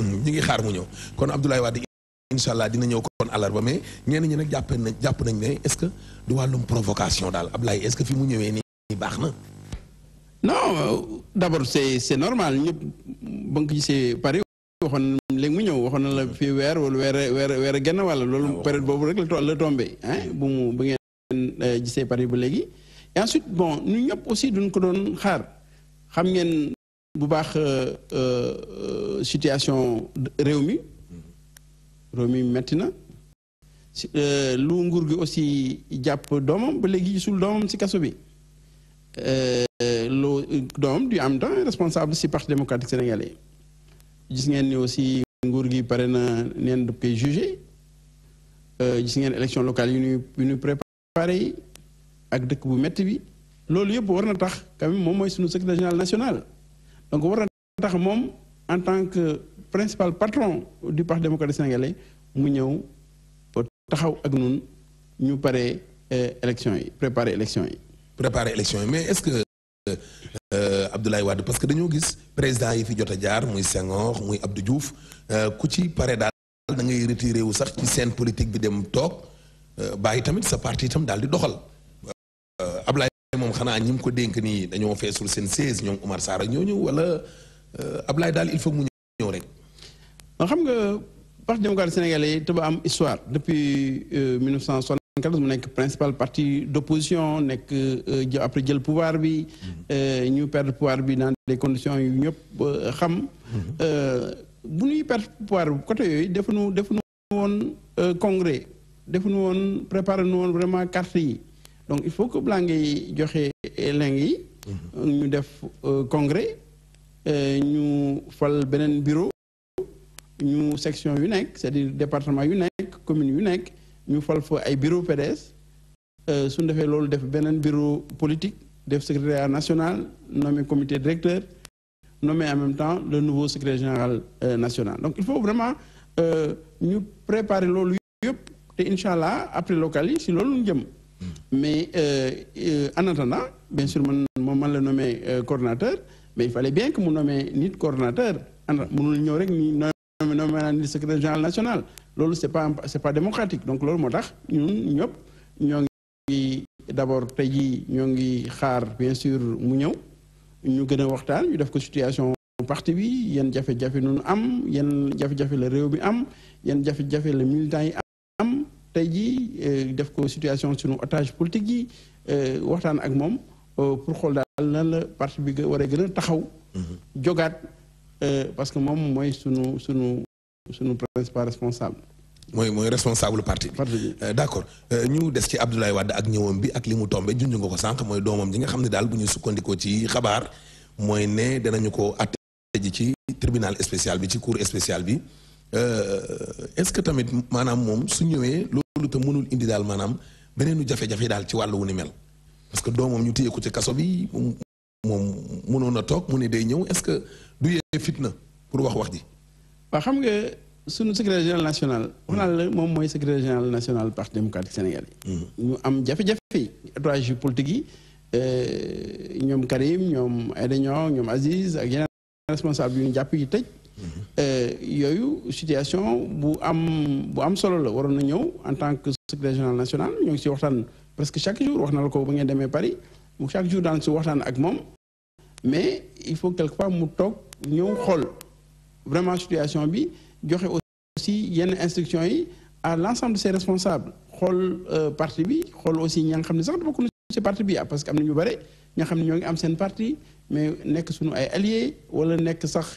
ñu ngi xaar mu ñëw kon Abdoulaye Wade incha allah dina ñëw kon àllarba mais ñenn ñi nag jàpp nañ jàpp nañ ne est-ce que du wàllum provocation daal Abdoulaye est-ce fi mu ñëwee nii baax na. non d'abord c'est normal ñëpp ba gisee Paris waxoon léegi mu ñëw waxoon na la fi weer wala weer weer weer genn wàll ah, loolu période boobu rek la la tombé ah bu mu bu eh, gisee Paris ba léegi et ensuite bon ñu ñëpp aussi duñ ko doon xaar xam ngeen. bu baax euh, euh, situation réew mi réew mi metti na euh, lu nguur gi aussi jàpp doomam ba léegi gisul doomam ci kaso bi loo doomam du am responsable ci parti démocratique sénégalais gis ngeen ni aussi nguur gi pare na neen daf koy jugé gis ngeen élection locale yu ñuy yu ñuy préparé yi ak dëkk bu metti bi loolu yëpp war na tax quand même moom mooy suñu secrétaire général national donc on va tax moom en tant que principal patron du parti démocratique sénégalais mu pour taxaw ak ñun ñu pare eh, élection yi préparer élection yi. préparer élection mais est-ce que euh, Abdoulaye Wade parce que dañu gis président yi fi jot jaar muy Senghor muy Abdou Diouf euh, ku ci pare dal da ngay retiré wu sax ci scène politique bi dem toog euh, bàyyi tamit sa parti tam dal di doxal moom xanaa ñi mu ko dénk nii dañoo feesul seen seize ñoom Umar Sarr ak ñooñu wala euh, Ablaye daal il faut mu ñëw rek. xam nga parti démocratique sénégalais yi dafa am histoire depuis 1974 euh, mu nekk principal parti d'opposition nekk euh, après jël pouvoir bi. Mm-hmm. ñu perdre pouvoir bi dans des conditions yu ñëpp xam. Mm-hmm. bu ñuy perdre pouvoir bi côté yooyu defuñu defuñu woon congrès defuñu woon préparé nu woon vraiment carte yi donc il faut que Blangui, joxe nous mhm. ñu def euh, congrès ñu fal un bureau ñu section unique, c'est-à-dire département unique, nekk commune unique, nous ñu un bureau PDS euh, suñu défé lolu def bureau politique def secrétaire national nommé comité directeur nommé en même temps le nouveau secrétaire général euh, national donc il faut vraiment nous préparer le yépp et inshallah après local si nous ñu mais euh, euh, en attendant, bien sûr, mon moment le nommé euh, coordinateur, mais il fallait bien que mon nomme ni coordinateur, ni nommé secrétaire général national. Ce c'est pas démocratique. Donc lolo d'abord bien sûr mu ñu Nous situation parti nous am am tey jii eh, def ko situation sunu otage politique yi eh, waxtaan ak mom eh, pour xol dal nan la parti bi war a gën jogat taxaw. Mm-hmm. parce que mom moy sunu sunu sunu principal responsable. moy moy responsable parti d'accord ñu dess ci Abdoulaye wad ak ñëwam bi ak limu mu tombé junj nga ko sànq mooy doomam ji nga xamni dal daal bu ñu sukkandikoo ci xabar moy né danañu ko àtte ji ci tribunal spécial bi ci cour spécial bi. Euh, est-ce que tamit manam mom su ñëwee lolu te mënul indi dal manam beneenu jafé jafé dal ci walu wu ni mel parce que doomam ñu téye ko ci kasso bi moom mënoon a toog mu ne day ñëw est-ce que du yee fitna pour wax wax di waa xam nga suñu secrétaire général national. on a le moom mooy secrétaire général national parti démocratique sénégalais. ñu mm-hmm. am jafé jafé yi politique yi euh, ñom Karim ñom Aïda ñom Aziz ak yeneen responsable yu ñu japp yi tëj. Euh, yooyu situation bu am bu am solo la waroon na ñëw en tant que secrétaire général national nous ngi si presque chaque jour wax na la ko ba ngeen Paris chaque jour dans ce waxtaan ak mais il faut quelque part mu toog nous xool vraiment situation bi joxe aussi yenn instruction yi à l'ensemble de ses responsables xool euh, parti bi xool aussi ña nga xam ne sax bokk na ci parti bi ah, parce que am na ñu bare ña xam ne ñoo am seen parti mais nekk suñu ay alliés wala nekk sax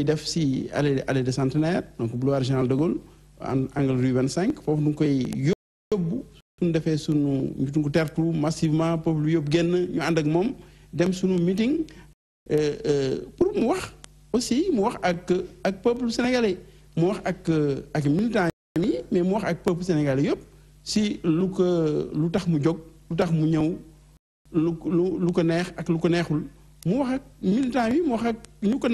Il si aller allée de centenaire donc boulevard général de Gaulle angle rue 25 nous koy ñu tertu massivement peuple ñu ak meeting euh, euh, pour mu aussi mu wax ak peuple sénégalais mu wax ak militants mais mu wax peuple sénégalais si lu ko lu tax mu lu tax mu militants yi mu wax ak ñu ko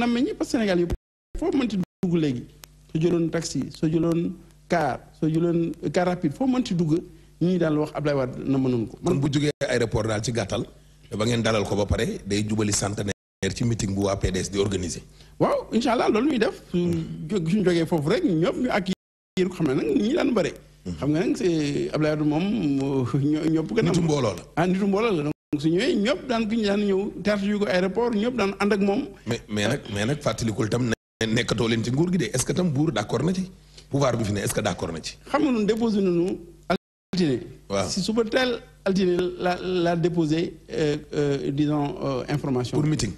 foo mënti dugg léegi so jëloon taxi so jëloon car so jëloon car rapide foo mënti dugg ñi dal wax ablay wad na mënun ko. man bu jógee aéroport dal ci gatal ba ngeen dalal ko ba pare day jubali centenaire ci meeting bu wa PDS di organiser. waaw inshallah loolu def suñ joggé fofu rek ñoom ñu ak yéen ko xam ne ñi daan bari hmm. xam nga nak c'est wad mom ñop gëna nitu mbolo la ah nitu mbolo la su ñëwee ñëpp daan ku ñu daan ñëw teertu yu ko aéroport ñëpp daan and ak mom mais mais nak mais nag fàttalikul tam nekkatoo len ci nguur gi de est-ce que tam bour d'accord na ci pouvoir bi fi ne est-ce que d'accord na ci. xam nga ñun déposé nañu altine. waaw si suba teel altine la la déposé euh, euh, disons euh, information. pour meeting.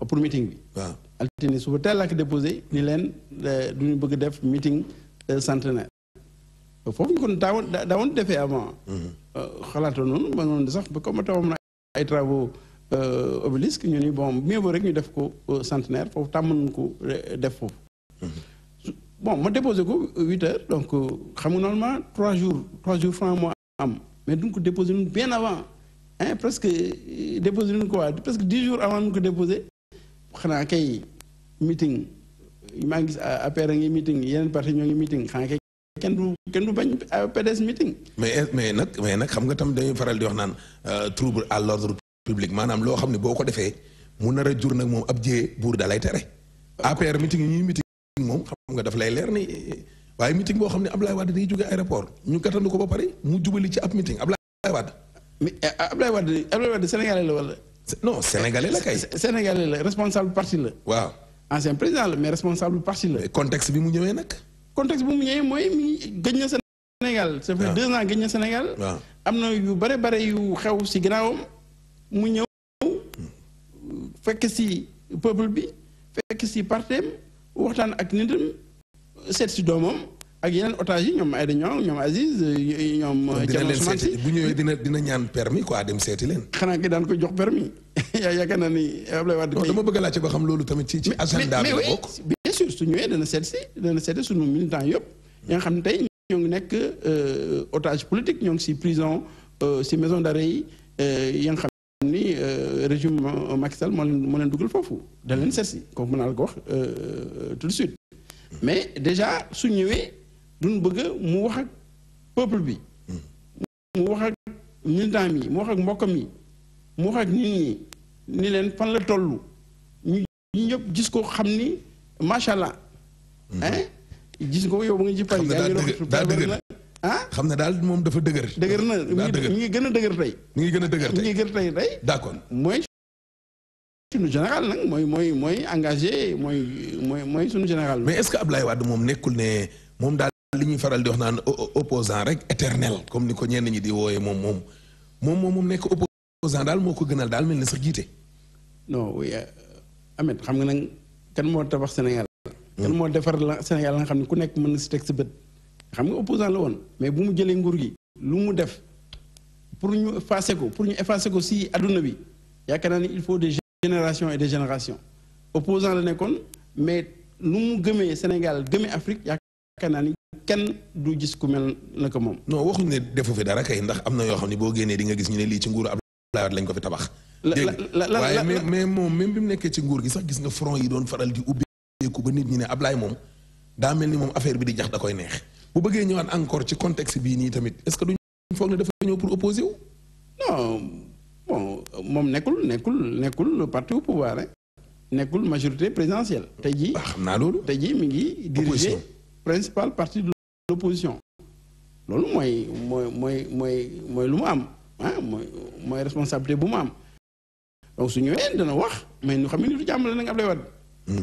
Oh, pour meeting bi. wa altine suba la laa ko déposé ni len euh, duñu bëgg def meeting centenaire. foofu ñu kon daawoon daawoon defee avant. Mhm. xalaatoon noonu ba noonu sax ba comme tawam na ay travaux. Euh, obélisque ñu ni bon mieux vaut euh, centenaire pour euh, mm-hmm. bon je déposé heures donc normalement trois jours trois jours francs mois, mais nous déposons bien avant hein, presque déposer quoi presque dix jours avant nous déposer meeting ah, meeting meeting meeting mais mais mais, mais trouble à public maanaam loo xam ne boo ko defee mu nar jur nag moom ab jiyee buur da lay tere. APR meeting yi ñuy meeting moom xam nga daf lay leer ni waaye meeting boo xam ne Ablaye Wade day jóge aéroport ñu gàttandu ko ba pare mu jubali ci ab meeting Ablaye Wade. mais eh, ah, Ablaye Wade Ablaye Wade sénégalais la wala. non sénégalais la kay. sénégalais la responsable parti la. waaw ancien président la mais responsable parti la. contexte bi mu ñëwee nag. contexte bi mu ñëwee mooy mi gëj na Sénégal. ça fait ah. deux ans gëj na Sénégal. am na yu bare bare xew si ginnaawam. mu ñëw que si peuple bi fekk si partem ak si ak yeneen otage yi ñoom bu dina permis permis oh, politique ngi prison si maison d'arrêt euh, nga ni euh, régime Macky Sall mo len moo fofu dugal foofu da leen seet si comme mën naa ko wax euh, euh, tout de suite mais déjà su ñëwee duñ bëgg mu wax ak peuple bi mu wax ak militant mi mu wax ak mbokam yi mu wax ak nit ñi ni len fan la tollu ñi ñëpp gis ko xamni machallah mm-hmm. hein gis ko yow ba ngi ci Paris. daa dëgg ah xam ne daal moom dafa dëgër. dëgër na mi ngi gën a dëgër tey. mi ngi gën a dëgër tey mi ngi gën a tey tey. d'accord mooy. suñu général mooy mooy mooy engagé mooy mooy mooy suñu général. mais est-ce que Ablaye Wade moom nekkul ne moom daal li ñuy faral di wax naan opposant rek éternel comme ni ko ñenn ñi di wooyee moom moom moom moom moom nekk opposant daal moo ko gënal daal mel ni sa jiite. non oui euh, Ahmed xam nga nag kan moo tabax Sénégal. Hmm. kan moo defar la Sénégal nga xam ne ku nekk mën na si teg sa bët. xam nga opposant la woon mais bu mu jëlee nguur gi lu mu def pour ñu effacer ko pour ñu effacer ko si aduna bi yaakaar naa ni il faut des générations et des générations opposant la nekkoon mais lu mu gëmee Sénégal gëmee Afrique yaakaar naa ni kenn du gis ku mel na ko moom. non waxuñu ne defu fi dara kay ndax am na yoo xam ne boo génnee di nga gis ñu ne lii ci nguuru Abdoulaye Wade lañ ko fi tabax. la la la waaye mais mais moom même bi mu nekkee ci nguur gi sax gis nga front yi doon faral di ubbeeku ba nit ñi ne Ablaye moom daa mel ni moom affaire bi di jax da koy neex bu bëggee ñëwaat encore ci contexte bii nii tamit est-ce que duñ foog ne dafa ñëw pour opposer wu. non bon moom nekkul nekkul nekkul le parti au pouvoir hein nekkul majorité présidentielle. tey jii ah, xam naa loolu. tey jii mi ngi diriger principal parti de l'opposition loolu mooy mooy mooy mooy mooy lu mu am ah mooy mooy responsabilité bu mu am donc su ñëwee dana wax mais ñu xam ne nitu jàmm la nag Abdoulaye Wade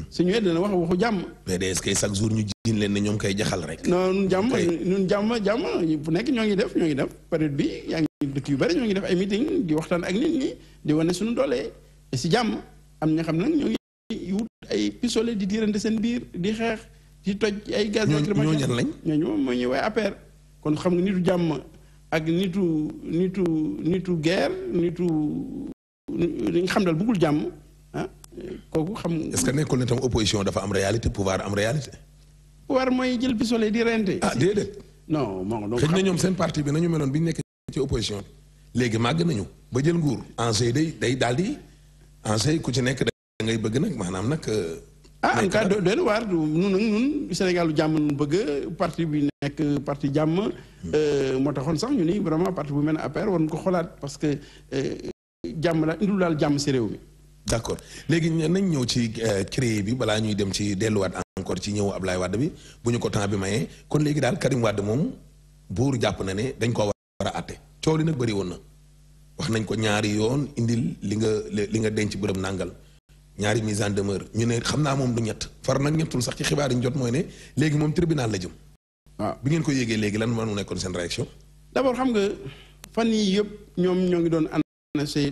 suñu wet dana wax waxu jàmm. PDS kay chaque jour ñu jiin leen ne ñoom kay jaxal rek. non ñun jàmm ñun jàmm jàmm bu nekk ñoo ngi def ñoo ngi def période bi yaa ngi dëkk yu bëri ñoo ngi def ay meeting di waxtaan ak nit ñi wane suñu doole si jàmm am ña xam nag ñoo ngi wut ay pistolet di diirante seen biir di xeex di toj ay gaz lacrymogène ñooñu ñan lañ ñooñu moom mooy ñu waaye APR kon xam nga nitu jàmm ak nitu nitu nitu guerre nitu li nga xam dal bëggul jàmm ah. kooku xam. est-ce que nekkul ne tam opposition dafa am réalité pouvoir am réalité. pouvoir mooy jël pistolet di rente. ah déedéet. non moom xëy na ñoom seen parti bi nañu meloon bi ñu nekk ci opposition léegi màgg nañu ba jël nguur. enjeu day day daal di enjeu ku ci nekk da ngay bëgg nag maanaam nag. Euh, ah en waar ñun ak ñun Sénégal jàmm nu bëgg parti bi nekk parti jàmm. Hmm. Euh, moo taxoon sax ñu ni vraiment parti bu mel ne APR war nañu ko xoolaat parce que euh, jàmm la indul daal jàmm si réew mi. d' accord léegi nañ ñëw ci euh, créé bi bala ñuy dem ci delluwaat encore ci ñëw Ablaye Wade bi bu ñu ko temps bi mayee kon léegi daal Karim Wade moom buur jàpp na ne dañ ko war a àtte coow li nag bëri woon na wax nañ ko ñaari yoon indil li nga li nga denc bërëb nàngal ñaari mise en demeure ñu ne xam naa moom du ñett far nag ñettul sax ci xibaar yi ñu jot mooy ne léegi moom tribunal la jëm. waaw ah. bi ngeen koy yéegee léegi lan moo nekkoon seen réaction. d' abord xam nga fan yii yëpp ñoom ñoo ngi doon annoncé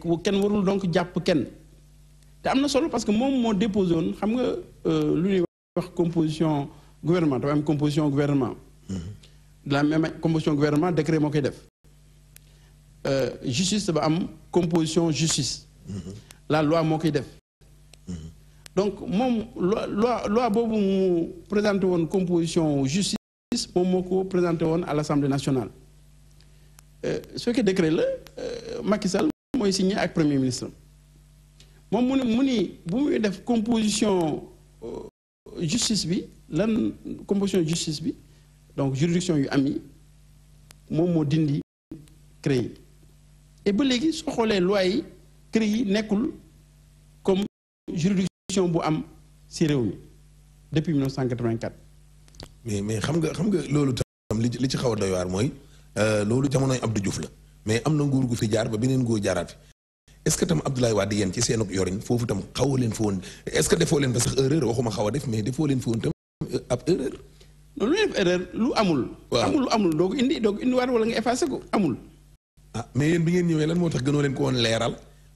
kenn warul donc jàpp kenn te am solo parce que moom moo déposé woon xam nga euh, lu ñuy wax composition gouvernement dafa am composition gouvernement. de mm-hmm. la même composition gouvernement décret moo koy def euh, justice dafa am composition justice. Mm-hmm. la loi moo koy def. Mm-hmm. donc moom loi loi boobu mu présenté woon composition justice moom moo ko présenté woon à l'Assemblée assemblée nationale euh, ce que décret la Macky Sall signé avec premier ministre Mon moni, ni mu bu muy def composition euh, justice bi lan composition justice bi donc juridiction yu am yi dindi créé et ba léegi so xolé loi yi créé nekul comme juridiction bu am si réew depuis 1984. mais mais xam nga xam nga lolu tam li ci xaw a euh, Abdou Diouf mais am na nguur gu fi jaar ba beneen nguur jaaraat fi est ce que tam Abdoulaye Wade yéen ci seen yoriñ foofu tam xaw leen fa woon est ce que defoo leen fa sax erreur waxuma xaw a def mais defoo leen fa tam euh, ab erreur. non lu def erreur lu amul. amul lu amul doo ko indi doo ko indiwaat wala nga effacé ko amul. ah mais yéen bi ngeen ñëwee lan moo tax gënoo leen ko woon leeral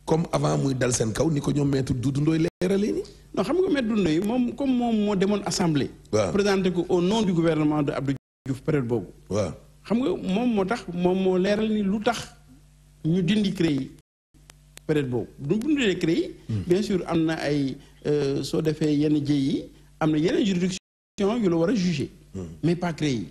comme avant muy dal seen kaw ni ko ñoom maître Doudou Ndoye leeralee nii. non xam nga maître Doudou moom comme moom moo demoon assemblée. waaw présenté ko au nom du gouvernement de boobu. waaw xam nga moom moo tax moom moo leeral ni lu tax ñu dindi CREI période boobu du bu ñu dindee hmm. bien sûr am na ay euh, soo defee yenn jëy yi am na yeneen juridiction yu la war a juger hmm. mais pas créer.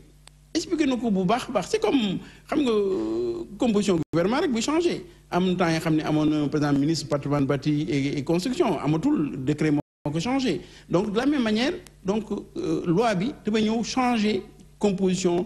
expliqué na ko bu baax a c'est comme xam nga euh, composition gouvernement rek bu changé am temps yi xam ne amoon ministre patrimoine bâti et construction amatul décret moo ko changé donc de la même manière donc euh, loi bi dafa ñëw changé composition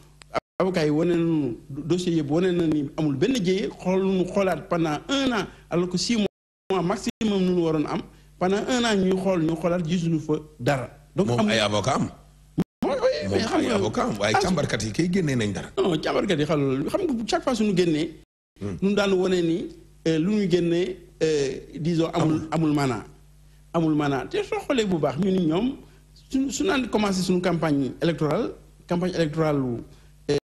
avocat yi wane nañu dossier yëpp wane na ni amul benn jéye xool nu xoolaat pendant un an alors que six mois maximum nu waroon am pendant un an ñuy xool ñu xoolaat gisuñu fa dara. donc moom ay avocat am. mooy mooy avocat am waaye ah, càmbarkat yi kay génnee nañ dara. non càmbarkat yi xam xam nga chaque fois suñu génnee. Hmm. ñu daan wane ni euh, lu ñu génnee euh, disons amul amul mana amul mana te soo xoolee bu baax ñu ni ñoom suñu su naan commencé suñu campagne électorale campagne électorale.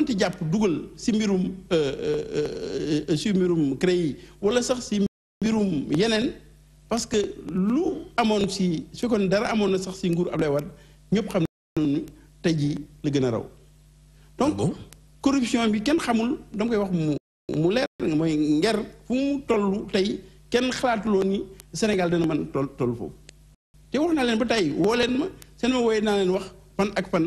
mënti japp dugal si mbirum euh, euh, euh, si mbirum créé wala sax si mbirum yenen parce que lu amone si su kon dara amone sax si ngour Abdoulaye Wade ñëpp xam nañu tey jii la gën raw ah donc corruption bi kenn xamul dang koy wax mu mu leer moy nger fu mu tollu tay kenn xalaatuloo ni Sénégal dana man toll toll té wax na leen ba tay woo leen ma seen ma woy na leen wax fan ak fan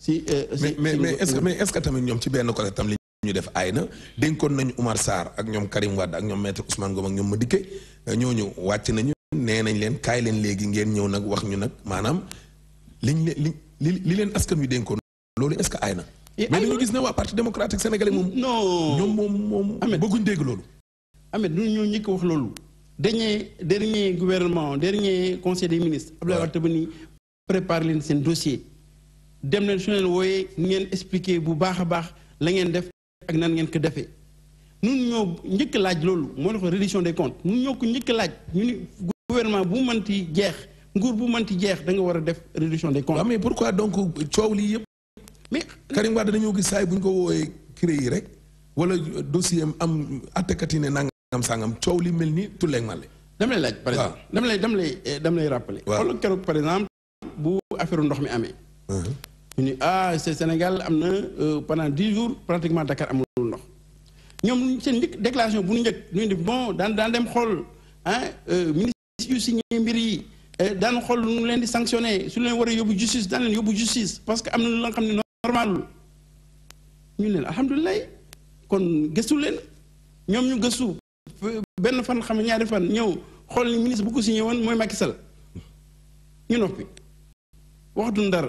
si euh, si mais mais est tamit ñoom ci benn côté tam li ñu def aay na dénkoon nañu Umar Sarr ak ñoom Karim Wade ak ñoom maître Ousmane Ngom ak ñoom Madické euh, ñooñu wàcc nañu. nee nañ leen kaay leen léegi ngeen ñëw nag wax ñu nag maanaam liñ li li leen askan wi dénkoon loolu est-ce que aay na. mais dañu gis ne waa parti démocratique sénégalais moom. non ñoom moom moom. Ahmed bëgguñ dégg loolu. Ahmed ñun ñoo ñëkk wax loolu. dernier dernier gouvernement dernier conseil des ministres. waaw Abdoulaye Wade ba ni prépare leen seen dossier. dem leen su leen wooyee ngeen expliqué bu baax a baax la ngeen def ak nan ngeen ko defee nun ñoo njëkk laaj loolu moo ne ko reddition des comptes nun ñoo ko njëkk laaj ñu ni gouvernement bu mënti jeex nguur bu mënti jeex da nga war a def reddition des comptes. mais pourquoi donc coow lii yëpp. mais Karim Wade dañoo gis saa yi bu ñu ko wooyee créé rek wala dossier am attekat ne nangam sangam coow li mel ni tulleeg male dama lay laaj par exemple dama lay dama lay eh, dama lay rappelé. waaw keroog par exemple bu affaire ndox mi amee. Uh-huh ñu ni ah c'est Sénégal am na euh, pendant 10 jours pratiquement Dakar amul ndox ñom seen njëkk déclaration bu ñu njëkk ñu ni bon daan daan dem xool ah ministre yu signé mbir yi eh, daan xol nu leen di sanctionner su leen wara yobu justice daan leen yobu justice parce que am na lu nga xamni normal normalul ñu leen alhamdoulillah kon gëstu leen ñom ñu gëstu ben fan xam ne ñaari fan ñew xol ni ministre bu ko signé won moy Macky Sall ñu noppi waxtu ndar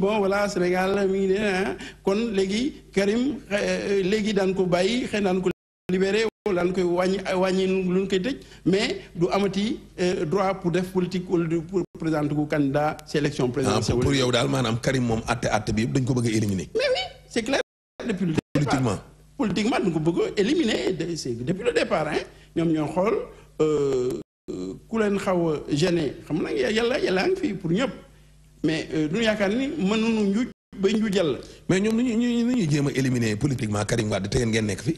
bon voilà Sénégal mi ngi ne kon léegi Karim eh, eh, léegi daan ko bàyyi xëy daan ko libéré wala daan koy wàññi wàññi lu ñu koy tëj mais du amati eh, droit pour def politique wala du pour présenter ko candidat si élection présidentielle ah, pour yow daal maanaam Karim moom àtte àtte bi yëpp dañ ko bëgg a éliminer. mais oui c' est clair depuis le départ politiquement politiquement ko bëgg a éliminer depuis le départ hein ñoom ñoo xool euh, ku leen xaw a gêné xam nga yàlla yàlla ngi fii pour ñëpp. mais euh, du yaakaar ni mënuñu njuuj ba njuujal la. mais ñoom ñu ñu ñu jéem a éliminer politiquement Karim Wade te fi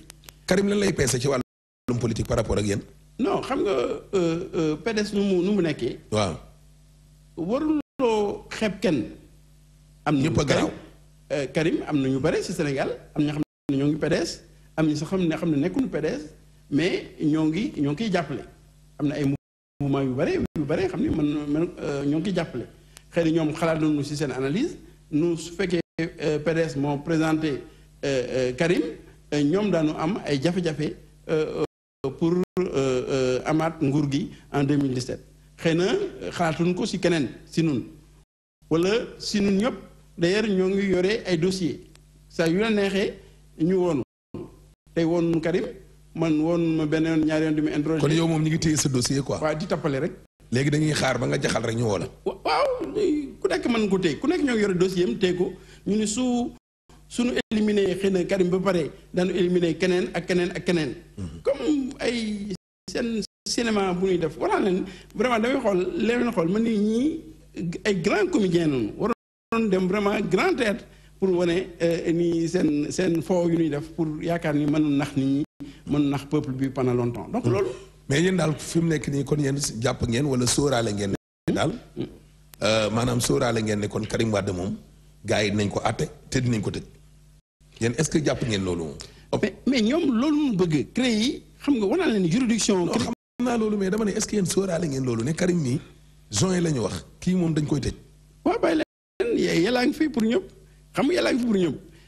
Karim lan lay peese ci wàllum politique par rapport ak yéen. non xam nga euh, euh, PDS nu mu nekkee. waaw. waruloo xeeb kenn. am na ñu garaaw Karim am na ñu bare ci senegal am na xam ne ñoo ngi PDS am ñu sa xam ne xam ne nekkuñu PDS mais ñoo ngi ñoo ngi koy jàppale am na ay mouvement yu bare yu bare xam ne man man ñoo ngi koy jàppale. xëy na ñoom xalaat nañu ci seen analyse nu su fekkee euh, PDS moo présenté euh, euh, Karim ñoom daanu am ay jafe-jafe pour amaat nguur gi en 2017 xëy na xalaatuñ ko ci keneen ci nun walla ci nun ñëpp d'ailleurs ñoo ngi yore ay dossier saa yu la neexee ñu woonu tey woon Karim man woon ma benn yoon ñaari yoon di ma interroger kon yow moom ñu ngi téye sa dossier quoi. waaw di tappale rek léegi dañuy xaar ba nga jaxal rek ñu woo la. waaw ku nekk man ko téye ku nekk ñoo yore dossier am teeku ñu ni su suñu éliminé xëy Karim ba pare dañu éliminé keneen ak keneen ak keneen. Mhm. comme ay seen cinéma bu ñuy def wala leen vraiment damay xool leen xool man ni ay grand comédien noonu waroon dem vraiment grand tête pour wane euh, ni seen seen foo yu ñuy def pour yaakaar ni mën nax nit ñi mën nax peuple bi pendant longtemps donc mhm. loolu. mais yéen daal fi mu nekk nii kon yéen jàpp ngeen wala sóoraale ngeen ne daal euh, maanaam sóoraale ngeen ne kon Karim Wade moom gars yi dinañ ko àtte te dinañ ko tëj yéen est-ce que jàpp ngeen loolu moom mais ñoom loolu ñu bëgg CREI yi xam nga wanaa leen juridiction xam naa loolu mais dama ne est-ce que yéen sóoraale ngeen loolu ne Karim mii juin la ñu wax kii moom dañ koy tëj waaw bàyyi leen yàllaa ngi fi pour ñëpp xam nga yàllaa ngi fi pour ñëpp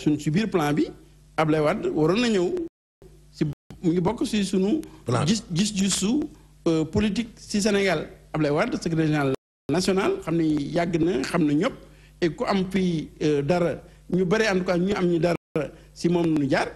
suñ si biir plan bi Ablaye Wade waroon na ñëw si mu ngi bokk si sunu. gis gis gisu euh, politique si Sénégal Ablaye Wade secrétaire général national xam ne yàgg na xam na ñëpp et ku am fii euh, dara ñu bare en tout cas ñu am ñu dara si moom nu jaar.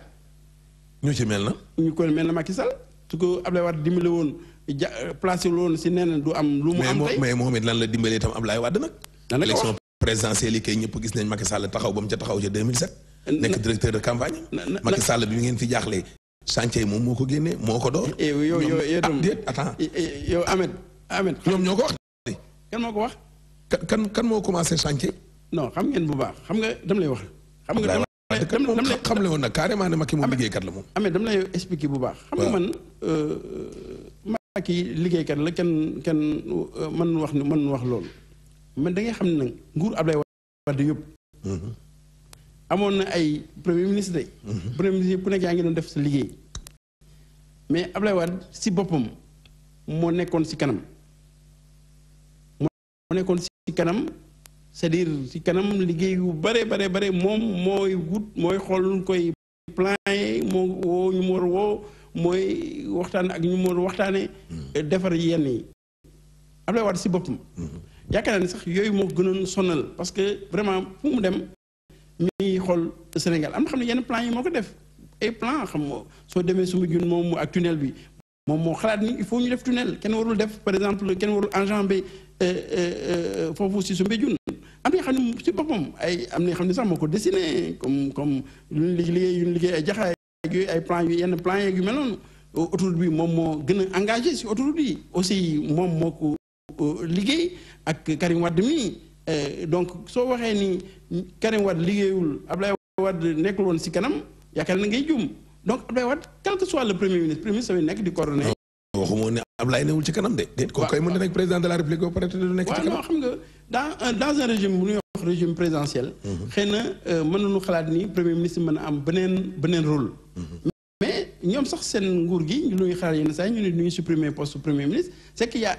ñu ci mel na. ñu ko mel na Macky Sall su ko Ablaye Wade dimbale woon ja euh, placé woon si neneen du am. lu mu am tey mais moom mais it lan la dimbalee itam Ablaye Wade nag. lan la ko présidentielle yi kay ñëpp gis nañ Macky Sall taxaw ba mu ca taxaw ca 2007. nekk directeur de campagne. Macky Sall bi ngeen fi jaaxlee. chantier moom moo ko génnee moo ko door. Eh, yow yow yow tam ah, eh, eh, yow Ahmed Ahmed ñoom ñoo ko wax. kan moo ko wax. kan kan moo commencé chantier. no xam ngeen bu baax xam nga dam lay wax. xam nga dam lay xam le woon nag carrément ne Macky moom liggéeykat la moom. Ahmed dam lay expliquer bu baax. xam nga man. liggéey euh, liggéeykat la kenn kenn euh, man wax man wax lool man da ngay xam ne nag nguur Ablaye Wade yëpp. amoon na ay premier ministre premier ministre ku nekk yaa ngi doon def sa liggéey. mais Ablaye Wade si boppam moo nekkoon si kanam. moo nekkoon si kanam cest à si kanam liggéey yu bare bare bare moom mooy mooy xool lu koy plan yi mooy waxtaan ak ñu waxtaane mm-hmm. defar yenn yi si boppam. Mm-hmm. yakana naa sax yoy mo gënoon sonal parce que vraiment fu mu dem mi xol xool Sénégal am xamni yenn plan yi moko def ay plan xam mo so démé su ma jun moom ak tunnel bi mom mo xalat ni il faut ñu def tunnel ken warul def par exemple ken warul enjambé euh, euh, euh, foofu si su mbéjun am na xam ne si boppam ay am na xam ne sax moko ko dessiné comme comme yuñ liggéey yuñ liggéey ay jaxay yooyu ay plan yu yenn plan yu mel noonu autoroute bi mom mo gëna a engagé si autoroute yi aussi mom moko euh, liggéey ak Karim Wade mii euh, donc so waxé ni Karim wad liggéeyul Ablaye wad nekkul si kanam yakal na ngay juum donc Ablaye wad quel que soit le premier ministre premier ministre nek di coordonné. waxuma ni Ablaye newul ci kanam de. déet ko koy mën président de la république ba pare te nekk ci kanam. xam nga dans euh, dans un régime bu régime présidentiel. Mhm. xëy na mënuñu xalat ni premier ministre mëna am benen benen rôle. Mhm. mais ñom sax sen nguur gi ñu ñuy xalat yenn say ñu ne ñu supprimer poste premier ministre c'est qu'il y a.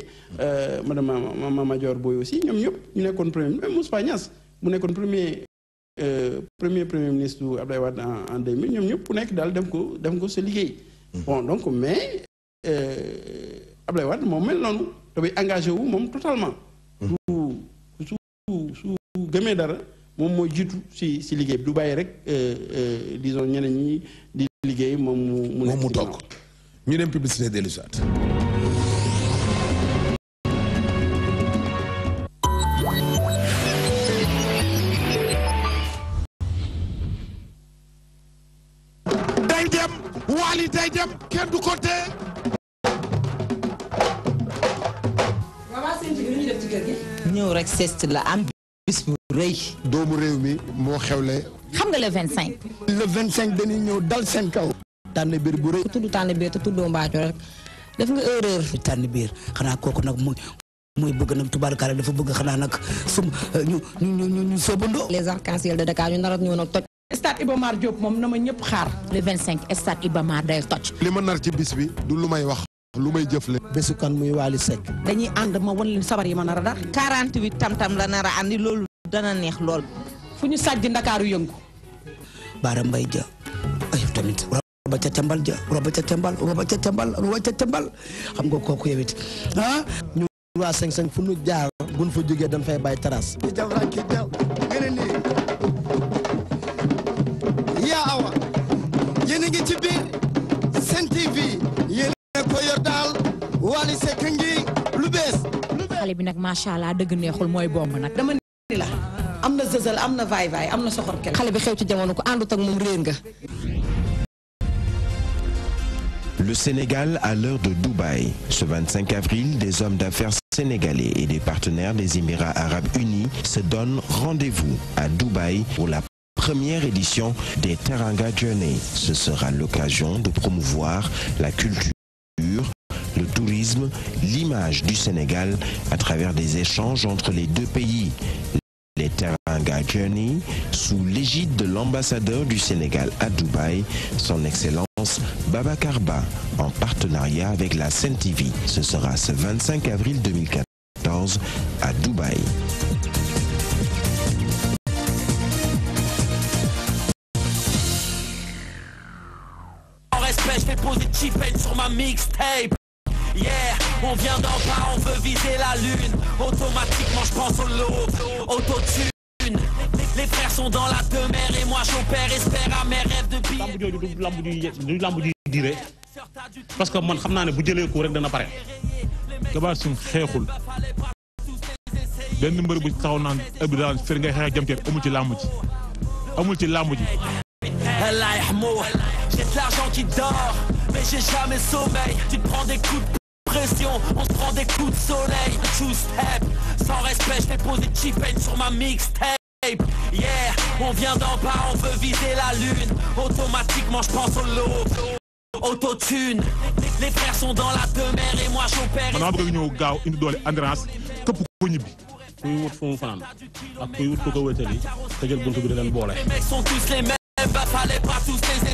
ma euh, madame ma Madior booy aussi ñoom ñëpp ñu nekkoon premier mu nekkoon premier euh, premier premier ministre bu Abdoulaye Wade en en ñoom ñëpp ku nekk daal dem ko dem ko sa liggéey. Mhm. bon donc mais euh, Abdoulaye Wade moom mel noonu dafay engagé wu moom totalement. Mhm. su su su gëmee dara moom mooy jiitu ci si liggéey bi du bàyyi rek disons ñeneen ñi di liggéey moom mu. mu nekk moom mu toog ñu dem publicité dellusiwaat. kenn du ko tee. waaw seen ci rek sest la am. bis bu rëy. doomu réew mi moo xewle. xam nga le 25. le 25 dañuy ñëw dal seen kaw. tànn biir bu rëy. tudd tànn biir te tuddoo mbaaco rek def nga erreur. tànn biir xanaa kooku nag muy muy bëgg nag tubaarkaale dafa bëgg xanaa nag sum ñu ñu ñu ñu soobandoo. les arcs-en-ciel de ñu narat toj. stade Iba Mar moom na ma ñëpp xaar. le 25 stade Iba day toj. li ma nar ci bis bi du lu may wax. lu may jëfle. bésu kan muy Waly Seck. dañuy ànd ma wan leen sabar yi ma nar a dar. 48 tam-tam la nar a andi loolu dana neex lool. fu ñu sàjj ndakaaru yëngu. Baara Mbay ja ay tamit. roba ca cambal roba ca cambal roba ca cambal xam nga kooku yow it ah. ñu waa 5-5 fu ñu jaar buñ fa jógee dañ fay bàyyi terrasse. ki jaw ki jaw yaawa awa yéen a ngi ci biir Sen TV yéen a ko yor daal Wally Seck ngi lu bees. xale bi nag macha allah dëgg neexul mooy bomb nag. dama ni la am na zëzal am na vaay vaay am na soxor kenn. xale bi xew ci jamono ko àndut ak moom réer nga. Le Sénégal à l'heure de Dubaï. Ce 25 avril, des hommes d'affaires sénégalais et des partenaires des Émirats arabes unis se donnent rendez-vous à Dubaï pour la Première édition des Teranga Journey. Ce sera l'occasion de promouvoir la culture, le tourisme, l'image du Sénégal à travers des échanges entre les deux pays. Les Teranga Journey, sous l'égide de l'ambassadeur du Sénégal à Dubaï, son excellence Baba Karba, en partenariat avec la Sainte TV. Ce sera ce 25 avril 2014 à Dubaï. je fais poser t sur ma mixtape Yeah, on vient d'en bas, on veut viser la lune Automatiquement je pense au lot, autotune Les frères sont dans la demeure et moi j'opère, espère à mes rêves de billets parce que man xam naa ne bu jëlee ko rek dana pare. Gabaar Singh xeexul benn bu taxaw nan ëpp fer fër ngay xeex jëm ci amul ci làmb ji amul ci làmb ji l'argent qui dort, mais j'ai jamais sommeil. Tu te prends des coups de pression, on se prend des coups de soleil. Two-step, sans respect, je posé poser sur ma mixtape. Yeah, on vient d'en bas, on veut viser la lune. Automatiquement, je pense au lot. Autotune, les frères sont dans la demeure et moi j'opère. Les mecs sont tous les mêmes, fallait pas tous les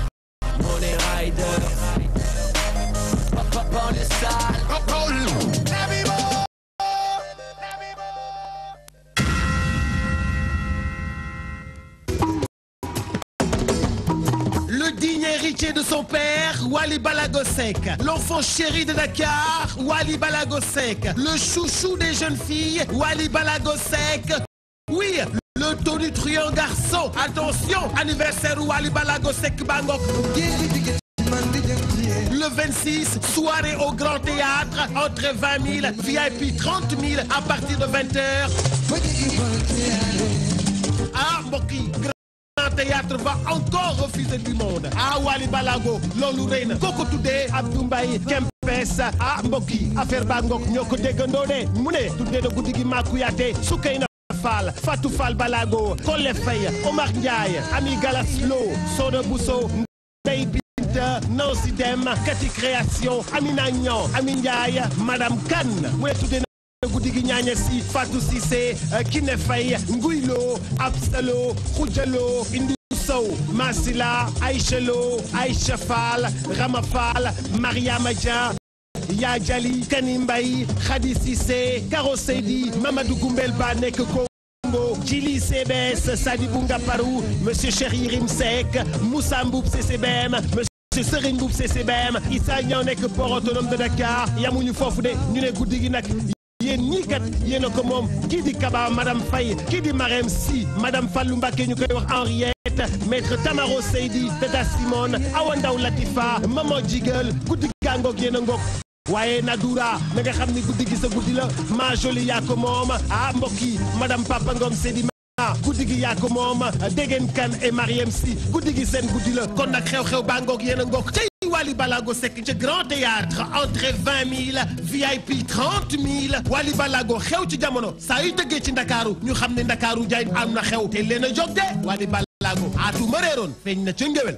de son père, Wally Balagosek. L'enfant chéri de Dakar, Wally Balagosek. Le chouchou des jeunes filles, Wally Balagosek. Oui, le tonitruant garçon. Attention, anniversaire Wally Balagosek Bangok. Le 26, soirée au Grand Théâtre, entre 20 000, VIP 30 000 à partir de 20h. Ah, un théâtre va encore refuser du monde A ah, Wali Balago Lon Koko Koko Tude, Abdoumbaye Kempes A ah, affaire Bangok Nyoko Degondone, Mune, déggandoo de Fatou Balago Colle Omar Ndiaye Ami Galas Lo Bousso Nancy Dem Kati Création Amina Niang Ndiaye Madame Kane guddi gi ñaaña si Fatou Cissé Kiné Faye Nguylo Absalo Xujalo indi sow Masila Aïcha Lo Aïcha Fall Rama Fall Mariama Dia Yaa Jali Kani Mbaye Khady Cissé Karo Seydi Mamadou Goumbel nekk Congo Jili CBS Sadibou Ngaparou Monsieur Cheikh Yirim Seck Moussa Mboub CCBM ci Serigne Mboub nekk port autonome de Dakar yamuñu foofu de ñu ne guddi gi nag yéen ñii kat yéen a ko moom kii di Kaba madame Faye kii di Marème Sy madame Fallou Mbacké ñu koy wax Henriette maître Tamaro Seydi Tata Simone Awa Ndaw Latifa Maman Jigal guddi gàngoog yéen a ngoog waaye Nadoura na nga xam ni guddi gi sa guddi la maa joli yaa ko moom a ah, mbokk yi madame Papa Ngom Seydi ma ah, guddi gi yaa ko moom Degen Kane et Mariem guddi gi seen guddi la kon nag xew-xew baa ngoog yéen a ngoog wali Balago Seck ca Grand Théâtre entrée vingt mille VIP trente mille Wally Balago xew ci jamono saa yu tëggee ci Ndakaaru ñu xam ne Ndakaaru jaay am na xew te leen a jóg de Wally Balago aatu ma réeroon feeñ na ca ngéwél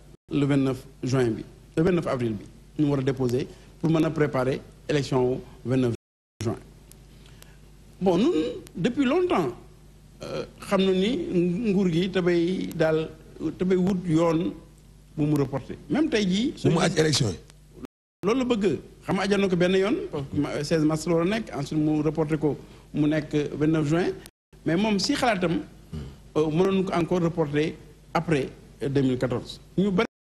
le 29 juin bi le 29 avril bi ñu war déposer pour mën préparer élection au 29 juin bon nous depuis longtemps euh, xam na ni nguur gi tabay daal tabay wut yoon bu mu reporter même tey jii. bu élection yi. loolu la bëgg xam nga ajoon ko benn yoon 16 mars la war ensuite mu reporter ko mu 29 juin mais moom si xalaatam hmm. euh, mënoon ko encore reporter après 2014 ñu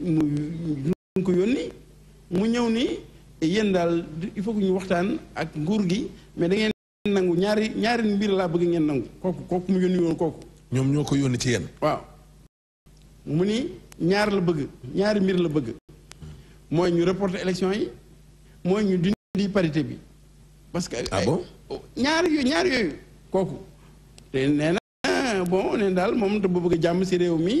mu ko yónni mu ñëw ni yéen daal il faut que ñu waxtaan ak nguur gi mais da ngeen nangu ñaari ñaari mbir laa bëgg ngeen nangu kooku kooku mu yónni woon kooku. ñoom ñoo ko yónni ci yéen. waaw mu ni ñaar la bëgg ñaari mbir la bëgg mooy ñu reporter élection yi mooy ñu dindi parité bi parce que. ah bon ñaar yooyu ñaar kooku. te nee na bon nee daal moom te bu bëgg jàmm si réew mi.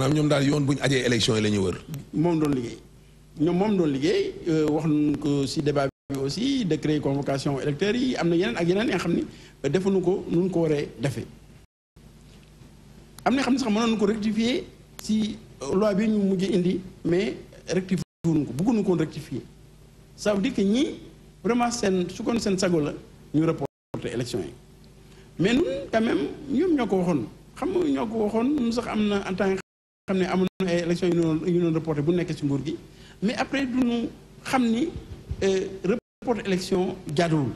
maanaam ñoom daal yoon bu ñu ajee élection yi la ñu wër. moom doon liggéey ñoom moom doon liggéey euh, wax nañu ko ci débat bi aussi décret convocation électeurs yi am na yeneen ak yeneen yi nga xam ne defuñu ko nu ko waree defee. am na xam ne sax mënoon ko rectifier ci loi bi ñu mujj indi mais rectifier wuñu ko bëgguñu ko rectifier ça veut dire que ñii vraiment seen su kon seen sago la ñu reporter élection yi mais ñun quand même ñoom ñoo ko waxoon xam nga ñoo ko waxoon ñun sax am na en tant xam amul amoon ay élections ñu ñu reporté bu nekkee ci nguur gi mais après du ñu xamni euh reporté élection jaaduwul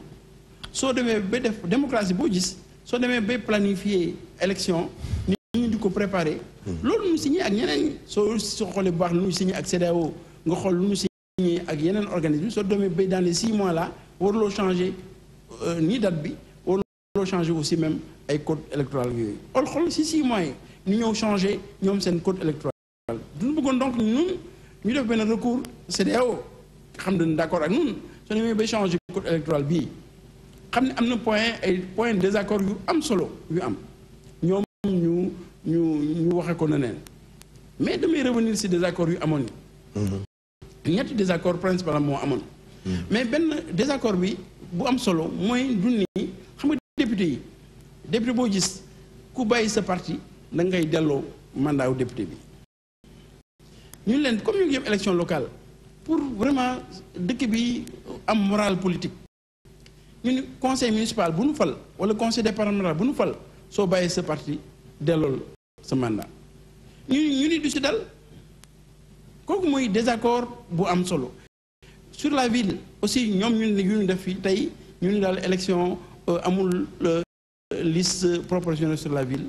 so demee ba def démocratie bo gis so demee ba planifier élection ni ñu diko préparer. Hmm. loolu ñu signé ak ñeneen so soo xoolee bu baax ñu signé ak CDAO nga xol lu ñu signé ak yeneen organisme so demee ba dans les 6 mois là waruloo changer euh, ni date bi waruloo changer aussi même ay code électoral yooyu. xool xol ci 6 mois nous avons changé ñoom seen code électoral duñu bëggoon donc ñun ñu def benn recours CEDEAO xam ne d'accord ak ñun soo demee ba changé code électoral bii xam ne am point ay point désaccord yu am solo yu am nous, ñu ñu ñu waxe ko neneen mais damay revenir si désaccord yu amoon yi mm-hmm. ñetti désaccord principalement moo mm-hmm. mais benn désaccord bi bu am solo Moi, dun nii xam nga député yi député boo gis ku sa parti da ngay delloo mandat au député bi avons, comme ñu élection locale pour vraiment dëkk bi am morale politique Le conseil municipal bu nu fal wala conseil départemental bu nu fal soo parti dellool sa mandat ñu ñu ni du si dal kooku désaccord bu am solo sur la ville aussi nous ñu fait yu ñu def fii tey ñu euh, euh, liste proportionnelle sur la ville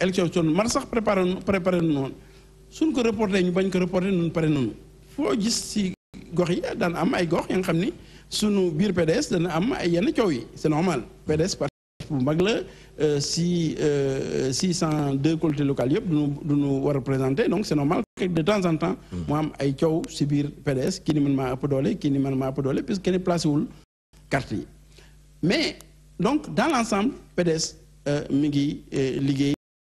élection sonn man sax préparé préparé nu suñ ko reporter ñu bañ ko reporter non paré non fo gis ci gox yi daan am ay gox ya nga xamni ni sunu biir PDS dana am ay yenn ciow yi c'est normal PDS parti bu mag la euh, si euh, six cent collectivités locales yëpp duñu duñu war a présenter donc c'est normal que de temps en temps hmm. mu am ay ciow ci bir PDS ki ni man ma ëpp doole ki ni man ma ëpp doole puisque ni placé wul carte yi mais donc dans l'ensemble PDS euh, mi ngi liggéey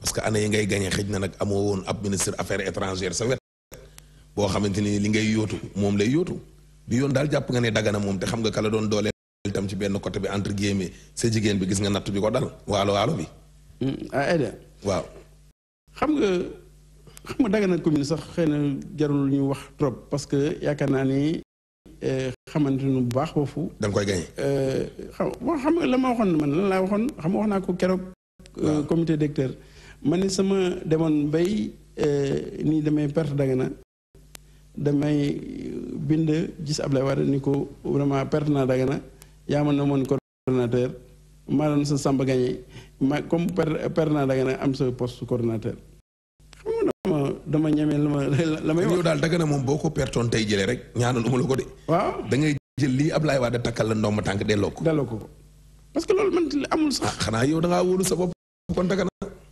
parce que année yi ngay gagné xëj na nag amoo woon ab ministre affaires étrangères sa wet boo xamante ni li ngay yootu moom lay yootu bi yoon daal jàpp nga ne daggana moom te xam nga kala doon dooleel tam ci benn côté bi entre guillemets se jigéen bi gis nga natt bi ko dal waalo waalo bi. Mm, ah, waaw. xam nga xam nga dagana commune sax xëy na jarul ñu wax trop parce que yaakaar naa ni eh, xamante nu bu baax foofu. da koy gagné. Eh, xam xam nga la ma waxoon man lan laa waxoon xam nga wax naa ko keroog. ma ni sama demoon bay eh, nii damay perte Dagana damay bind gis Ablaye Wade ni ko vraiment perte naa Dagana yaa ma nomoon coordonnateur maa doon sa Samba Gagné ma comme per perte naa Dagana am sa poste coordonnateur dama ñeme la ma la may wax yow daal Dagana moom boo ko pertoon tey jële rek ñaanaluma la ko de. waaw da ngay jël lii Ablaye Wade takkal la ndox ma tànk delloo ko. delloo ko parce que loolu man amul sax. Ah, xanaa yow da ngaa wóolu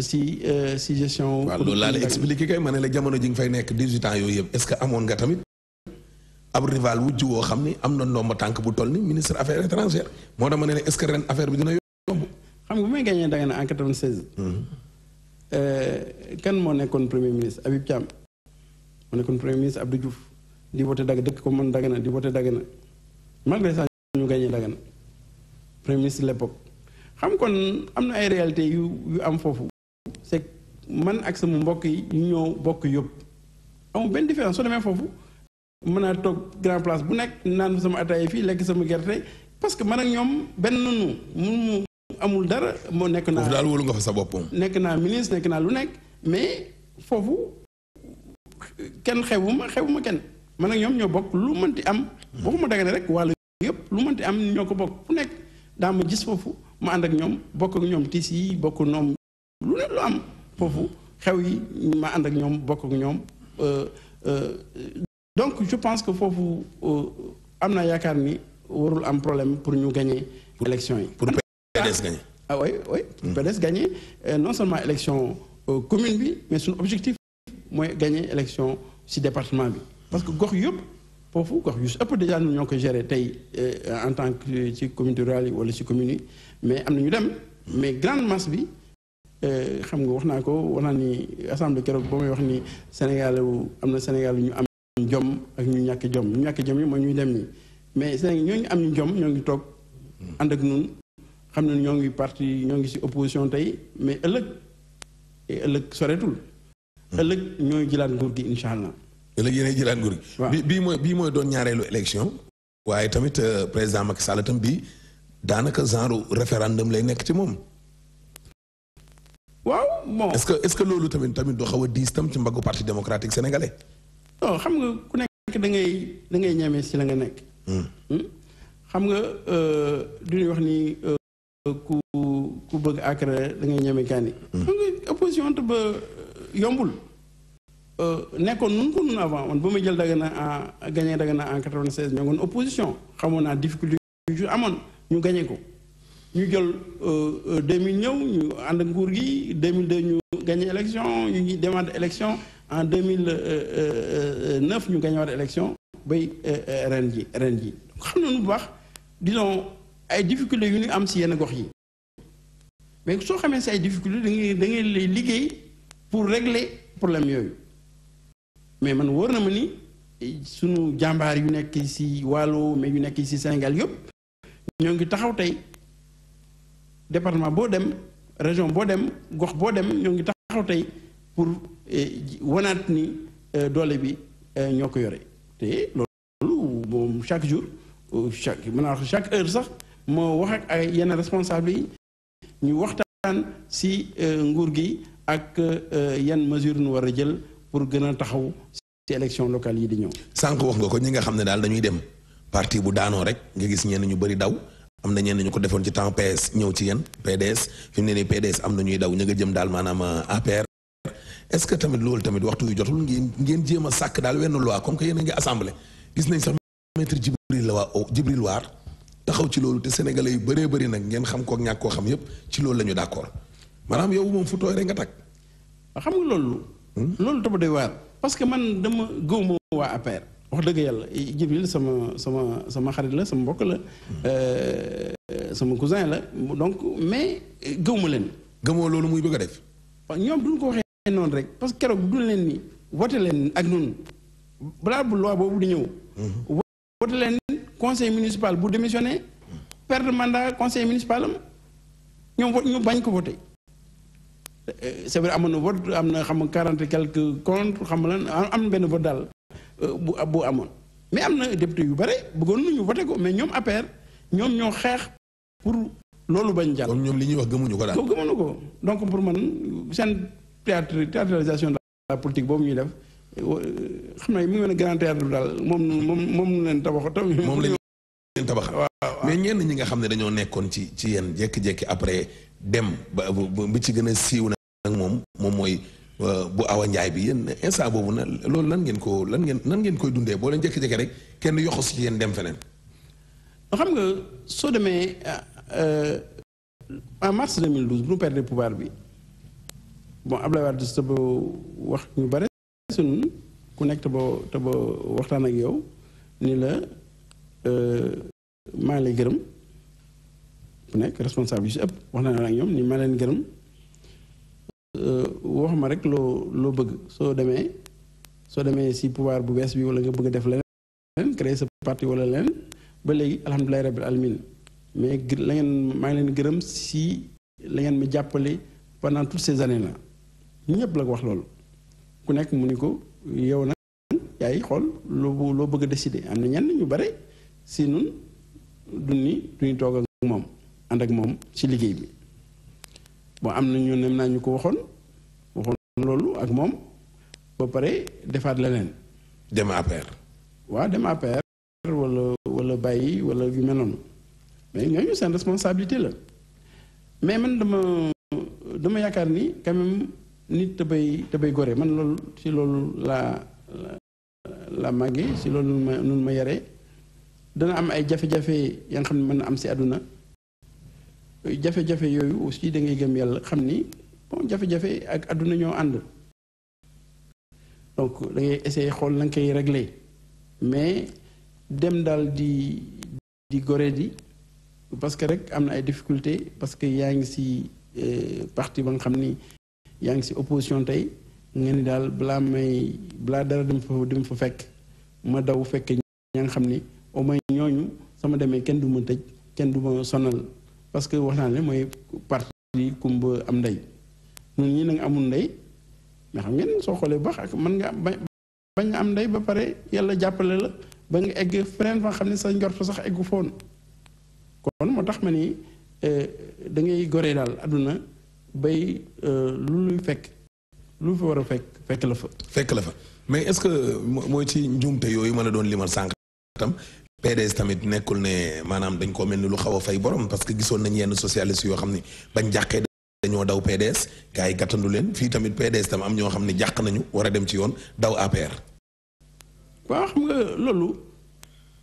si euh, si gestion. waaw expliquer que lay expliqué kay ma jamono ji fay nek 18 ans yoyep est-ce que amone nga tamit ab rival wujju wo xamni amna am na ndomba bu tolni ministre affaires étrangères moo tax ma ne est-ce que ren affaire bi dina yomb. xam nga bu may gagné danga en 96. Mm-hmm. Euh, kan mo nekkoon premier ministre Habib Thiam. mo nekkoon premier ministre Abdou Diouf di wote Dagana dekk ko man Dagana di wote Dagana malgré ça ñu gagner Dagana premier ministre l'époque xam kon amna ay réalité yu am fofu c'est man ak sama mbokk yi ñu ñoo bokk yëpp amul benn différence soo demee foofu mën naa toog grand place bu nekk naan sama ataaya fii lekk sama gerte parce que man ak ñoom benn nu mu amul dara moo nekk naa. daal wóolu nga sa boppam. nekk naa ministre nekk naa lu nekk mais foofu kenn xewuma xewuma kenn man ak ñoom ñoo bokk lu mënti am. waxuma dagane rek wàll yëpp lu mënti am ñoo ko bokk ku nekk daa ma gis foofu ma ànd ak ñoom bokk ak ñoom tiis yi bokk noom lu leen am foofu xew yi ma and ak ñom bokk ak ñoom euh, euh, donc je pense que foofu euh, amna naa ni warul am problème pour ñu gagner élection yi. pour PDS gagner. ah oui oui pour hmm. PDS gagner non seulement élection commune bi mais son objectif moy gagner élection ci département bi parce que gox yop foofu gox yu ëpp déjà ñu ko gérer tay en tant que ci commune rurale wala ci commune mais amna ñu dem hmm. mais grande masse bi. Euh, xam nga wax naa ko wax naa ni assemblée keroog ba wax ni Sénégal am na Sénégal ñu am jom ak ñu ñàkk jom ñu ñàkk jom yi mooy ñuy dem nii mais Sénégal ñooñu am ñu jom ñoo ngi toog ànd ak ñun xam ne ñoo ngi parti ñoo ngi ci opposition tey mais ëllëg ëllëg soreetul ëllëg ñooy jëlaat nguur gi insha allah ëllëg yéenay jëlaat nguur gi bii mooy bii mooy doon ñaareelu élection waaye tamit euh, président Macky Sall tam bii daanaka genre référendum lay nekk ci moom waaw bon est-ce que est-ce que loolu tamit tamit doo xaw a diis tam ci mbaggu parti démocratique sénégalais. non xam nga ku nekk da ngay da ngay ñeme si la nga nekk. Hmm. Hmm? nga euh, du ñuy wax ni euh, ku bëgg akre da ngay ñeme kaani. Hmm. opposition te ba euh, yombul. nekkoon nun ko nun avant man ba ma jël Dagana en gagné Dagana en quatre-vingt-seize mais woon opposition xamoon naa difficulté yu amoon ñu gagné ko. ñu jël 2000 euh, euh, ñëw ñu ànd nguur gi 2002 ñu gagné élection ñu ngi demande élection en 2009 euh, ñu gagné waat élection bay ren ji ren ji xam nañu bu baax disons ay difficulté yu ñu am si yenn gox yi mais soo xamee si ay difficulté da ngay da ngay lay liggéey pour régler problème yooyu mais man wóor na ma ni sunu jàmbaar yu nekk si wàllu mais yu nekk si Sénégal yëpp ñoo ngi taxaw tey. département boo dem région boo dem gox boo dem ñoo ngi taxaw tey pour eh, wanaat ni eh, doole bi eh, ñoo ko yore te loolu moom chaque jour euh, chaque mën naa wax chaque heure sax moo wax ak ay yenn responsable yi ñu waxtaan si nguur gi ak yan mesure nu war a jël pour gën a taxaw ci élection locale yi di ñëw. sànq wax nga ko ñi nga xam ne daal dañuy dem partie bu daanoo rek nga gis ñenn ñu bëri daw. am na ñenn ñu ko defoon ci temps ñëw ci yéen PDS fi ne nii PDS am na ñuy daw ñu nga jëm daal maanaam euh, APR. est-ce que tamit loolu tamit waxtu yu jotul ngeen ngeen a sàkk daal wenn loi comme que yéen a ngi assemblée gis nañ sax maître Djibril waa oh, Djibril Waar taxaw ci loolu te sénégalais yu bëree bëri nag ngeen xam kook ñàkk koo xam yépp ci loolu la ñu d'accord maanaam yow moom fu tooy rek nga tag xam nga loolu. Hmm? loolu dafa doy waar parce que man dama gëw ma waa APR. wax dëgg yàlla Jibril sama sama sama xarit la sama mbokk la euh, sama cousin la donc mais gëwuma leen. gëmoo loolu muy bëgg a def. ñoom duñ ko waxee noonu rek parce que keroog duñ leen ni wote leen ak noonu balaa bu loi boobu di ñëw. Mhm. wote leen conseil municipal bu démissionné. perte mandat conseil municipal am ñoom wot ñu bañ ko voté. Euh, c'est vrai amoon na vote am na xam nga quarante et quelques contre xam lan am benn vote daal. bu bu amoon mais am na député yu bare bëggoon nañu voté ko mais ñoom APR ñoom ñoo xeex pour loolu bañ jàll. ñoom li ñuy wax gëmuñu ko daal. gëmuñu ko donc pour man seen théâtre théâtralisation de la politique boobu ñuy def xam naa mu ngi mel ne grand théâtre daal moom moom moom leen tabax tam. moom lañ leen tabax. mais ñenn ñi nga xam ne dañoo nekkoon ci ci yenn jékki-jékki après dem ba ba ci gën a siiw nag moom moom mooy. Euh, bu Awa Ndiaye bi yéen instant boobu na loolu lan ko lan ngeen nan ngeen koy dundee boo leen jékki-jékki rek kenn yoxos ci yéen dem feneen. xam nga soo demee euh, en mars 2012 bu ñu perdre pouvoir bi bon Abdoulaye Wade sa ba wax ñu bare suñ ku nekk te ba waxtaan ak yow nii la euh, maa ngi lay gërëm ku nekk responsable yu si ëpp wax na la ak ñoom nii maa leen gërëm. Euh, wax ma rek loo loo bëgg soo demee soo demee si pouvoir bu bees bi walla nga bëgg a def leneen créer sa parti wala leen ba léegi alhamdulilahi rabbil alamin mais la ngeen maa ngi leen gërëm si la ngeen ma jàppale pendant toutes ces années là ñëpp la wax loolu ku nekk mu ni ko yow nag yaay xool loo loo bëgg a décider am na ñenn ñu bare si nun du duñu toog ak moom ànd ak moom ci liggéey bi bon am na ñu nem naa ñu ko waxoon waxoon loolu ak moom ba pare defaat leneen. dem APR. waa dem APR wala wala bàyyi wala yu mel noonu mais ñooñu seen responsabilité la mais man dama dama yaakaar ni quand même nit te bay gore man loolu ci loolu laa la màggee ci loolu ma nun ma yare dana am ay jafe-jafe ya xam ne mën a am si àdduna jafe-jafe yooyu aussi da ngay gëm yàlla xam ni bon jafe-jafe ak àdduna ñoo ànd donc da ngay essayer xool la koy régler mais dem daal di di gore di parce que rek am na ay difficulté parce que yaa ngi si euh, parti ba nga xam ni yaa ngi si opposition tey nga ni daal balaa may balaa dara dem fa dem fa fekk ma daw fekk ñaa nga xam ni au moins ñooñu sama demee kenn du ma tëj kenn du ma sonal parce que wax naa ne mooy parti kumba am ndey ñun ñi nag amul ndey mais xam ngeen soo xoolee baax ak mën nga bañ nga am ndey ba pare yàlla jàppale la ba nga egg feneen fa xam ne sa njort sax eggu foon kon moo tax ma ni eh, da ngay goree daal àdduna bay eh, lu luy fekk lu fi war a fekk fekk la fa. fekk la fa mais est-ce que mooy ci njuumte yooyu ma la doon limal sànq tam Pédestam tamit nekkul ne maanaam dañ ko melni lu xaw fay borom parce que gissone nañ yenn socialiste yoo xam bañ jaxé dañoo daw PDS gars yi gàttandu leen tamit PDS tam am ño xamni jax nañu wara dem ci yoon daw APR. waaw xam nga lolu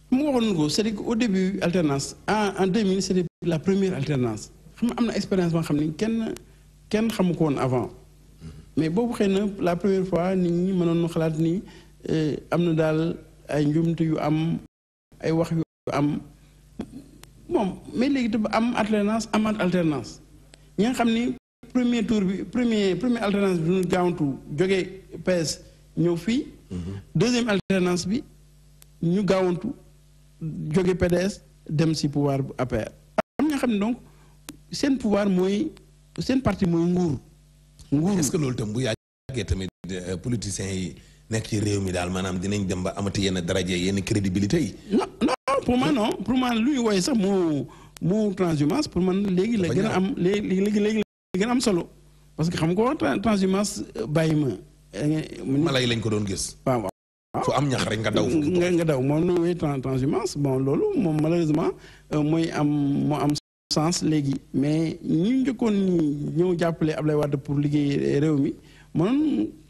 mu ko cest au début alternance en en deux mille c'était la première alternance xam amna expérience ba xamni kenn kenn xamuko won avant mais bobu la première fois nit ñi mënoon xalat ni euh, am na ay njumtu yu am ay wax am mais léegi am alternance amaat alternance ñi nga xam ni premier tour premier premier alternance bi ñu jógee PS ñëw mhm. deuxième alternance bi ñu gaawantu jóge PDS dem si pouvoir bu APR am nga xam donc pouvoir c'est seen parti mooy nguur est-ce que loolu tam bu tamit euh, politiciens nekk ci réew mi daal maanaam dinañ dem ba amati yenn daraje yenn crédibilité yi. non non pour man non pour man lu ñu woowee sax moo moo transhumance pour man léegi la gën a am léegi léegi léegi la gën a am solo parce que xam nga transhumance euh, bàyyi ma. Eh, eh, ma yi lañ ko doon gis. waaw waaw fu am ñax rek nga daw. nga daw moom lu ñu woowee transhumance bon loolu moom malheureusement euh, mooy am moo am. sens léegi mais ñu njëkkoon ñëw jàppale Ablaye Wade pour liggéey réew mi man.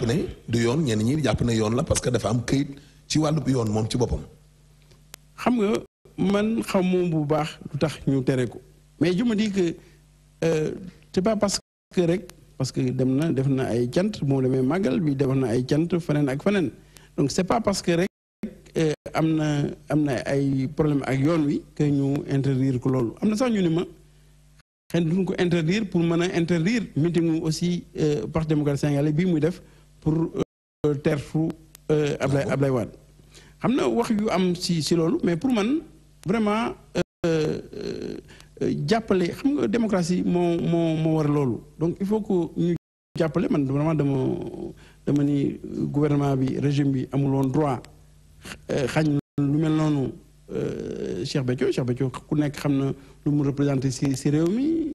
jàpp ne du yoon ñen ñi jàpp ne yoon la parce que dafa am keuyit ci walu bi yoon mom ci bopam xam nga man xamu bu baax lutax ñu téré ko mais je me dis que euh, c'est pas parce que rek parce que demna defna ay tiant mo demé magal bi defna ay tiant fenen ak fenen donc c'est pas parce que rek euh, am amna am ay problème ak yoon wi que ñu interdire ko lolu amna sax ñu ni ma. xëy duñ ko interdire pour mën a interdire meeting aussi euh, parti démocratique sénégalais bi muy def pour euh, terfu euh, Ablaye Ablaye Wade xam na wax yu am si si loolu mais pour man vraiment euh, jàppale xam nga démocratie moo moo moo war loolu donc il faut que jàppale man vraiment dama dama ni gouvernement bi régime bi amul woon droit xañ lu mel noonu Cheikh Béthio Cheikh Béthio ku nekk xam na lu mu représenté si si réew mi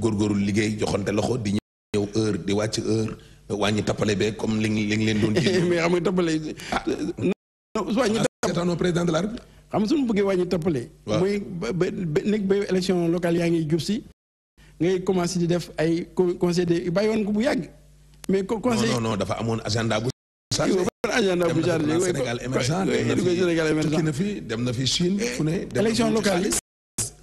góorgóorlu liggéey joxonte loxo di ñëw heure di wàcc heure wàññi tappale bee comme li li leen doon ji mais xam nga tappale ah. wàññi ah, tappale président de la République xam nga suñu bëggee wàññi tappale mooy nekk ba élection locale yaa ngi jub si ngay commence di def ay conseil de bay woon ko bu yàgg mais conseil non non dafa amoon agenda bu agenda bu chargé Sénégal émergent dem na fi Chine fu ne élection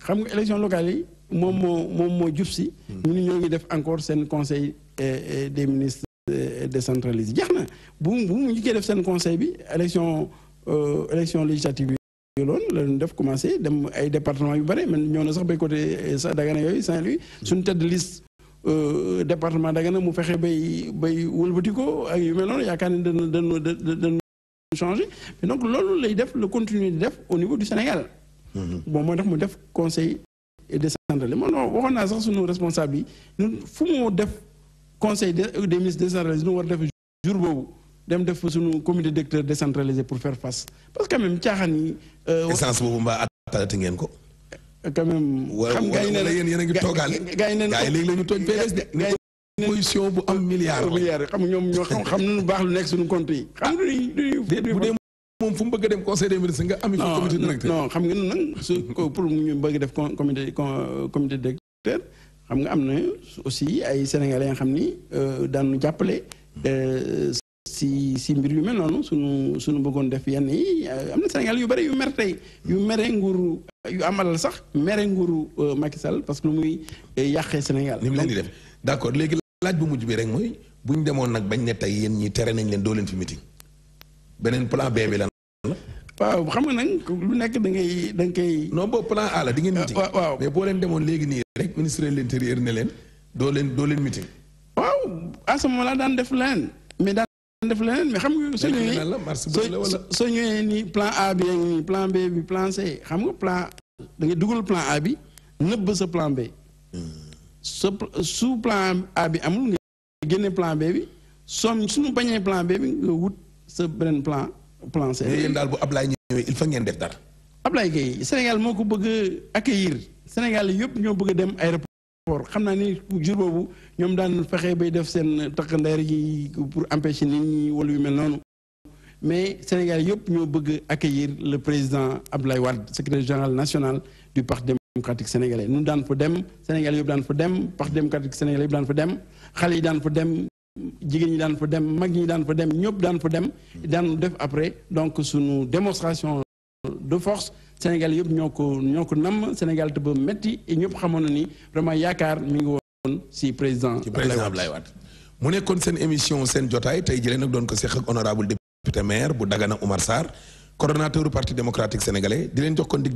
xam nga élection locale yi moom moo moom moo jub si hmm. ñu ñoo ngi def encore seen conseil eh, eh, des ministres eh, décentralisés jeex na bu bu mu njëkkee def seen conseil bi élection euh, élection législative bi loolu la def commencé dem ay département yu bare man ñëw na sax bay côté sa Dagana yooyu Saint-Louis hmm. suñu tête liste euh, département Dagana mu fexe bay bay wëlbati ak yu mel noonu yaakaar ne dana dana dana changé mais donc loolu lay def le continuer di def au niveau du Sénégal bon moo tax mu def conseil et décentralisé man non naa sax suñu responsable yi ñun fu mu def conseil euh, des ministres décentralisé ñu war def jour bobu dem def suñu comité directeur décentralisé pour faire face parce que même caaxaan euh, essence bobu mbaa attalati ngeen ko. Euh, quand même xam gars yi ne la yéen a ngi toogaale. gars yi ne la léegi la ñu toog PDS position bu am milliard. milliard xam ñom ñoo xam xam nañu baax lu nekk suñu compte yi. xam du moom fu mu bëgg a dem conseil des ministres nga xam nga nag su pour ñu bëgg def comité comité directeur xam nga am na aussi ay sénégalais nga xam ni euh, daanu jàppale euh, si si mbir yu mel noonu suñu suñu bëggoon def yenn yi euh, am na sénégalais yu bari yu mer tey yu mere nguur yu amalal sax mere nguuru Macky Sall parce que lu muy yàqee Sénégal ni mu leen di def d'accord léegi laaj bu mujj bi rek mooy bu ñu demoon nag bañ ne tey yéen ñi tere nañ leen doo leen fi meeting beneen plan B bi waaw xam nga nag lu nekk da ngay da nga koy. non boobu plan A la di ngeen meeting. waaw mais boo leen demoon léegi nii rek ministre de l'intérieur ne leen doo leen doo leen meeting. waaw à ce moment là daan def leneen mais daan def leneen mais xam nga. soo ñëwee soo ñëwee nii plan A bi nii plan B bi plan C xam nga plan da dugal plan A bi nëbb sa plan B. sa su plan A bi amul nga génne plan B bi soom suñu bañee plan B bi nga wut sa beneen plan. plan C. yéen daal bu Ablaye ñëwee il fa ngeen def dara. Ablaye Gueye Sénégal moko bëgg accueillir Sénégal yëpp ñoo bëgg dem aéroport xamna naa ni jour bobu ñom daan fexé bay def seen takkandeer yi pour empêcher nit ñi wala yu mel noonu. mais Sénégal yëpp ñoo bëgg accueillir le président Abdoulaye Wade secrétaire général national du parti démocratique sénégalais ñun daan fa dem Sénégal yëpp daan fa dem parti démocratique sénégalais yëpp daan fa dem xale daan fa dem jigéen ñi daan fa dem mag ñi daan dem daan fa dem def après donc suñu démonstration de force Sénégal yëpp ñoo ko ñoo Sénégal et ni vraiment mi ngi président émission seen jotaay ko honorable député maire bu Dagana Oumar parti démocratique sénégalais di leen jox kon dig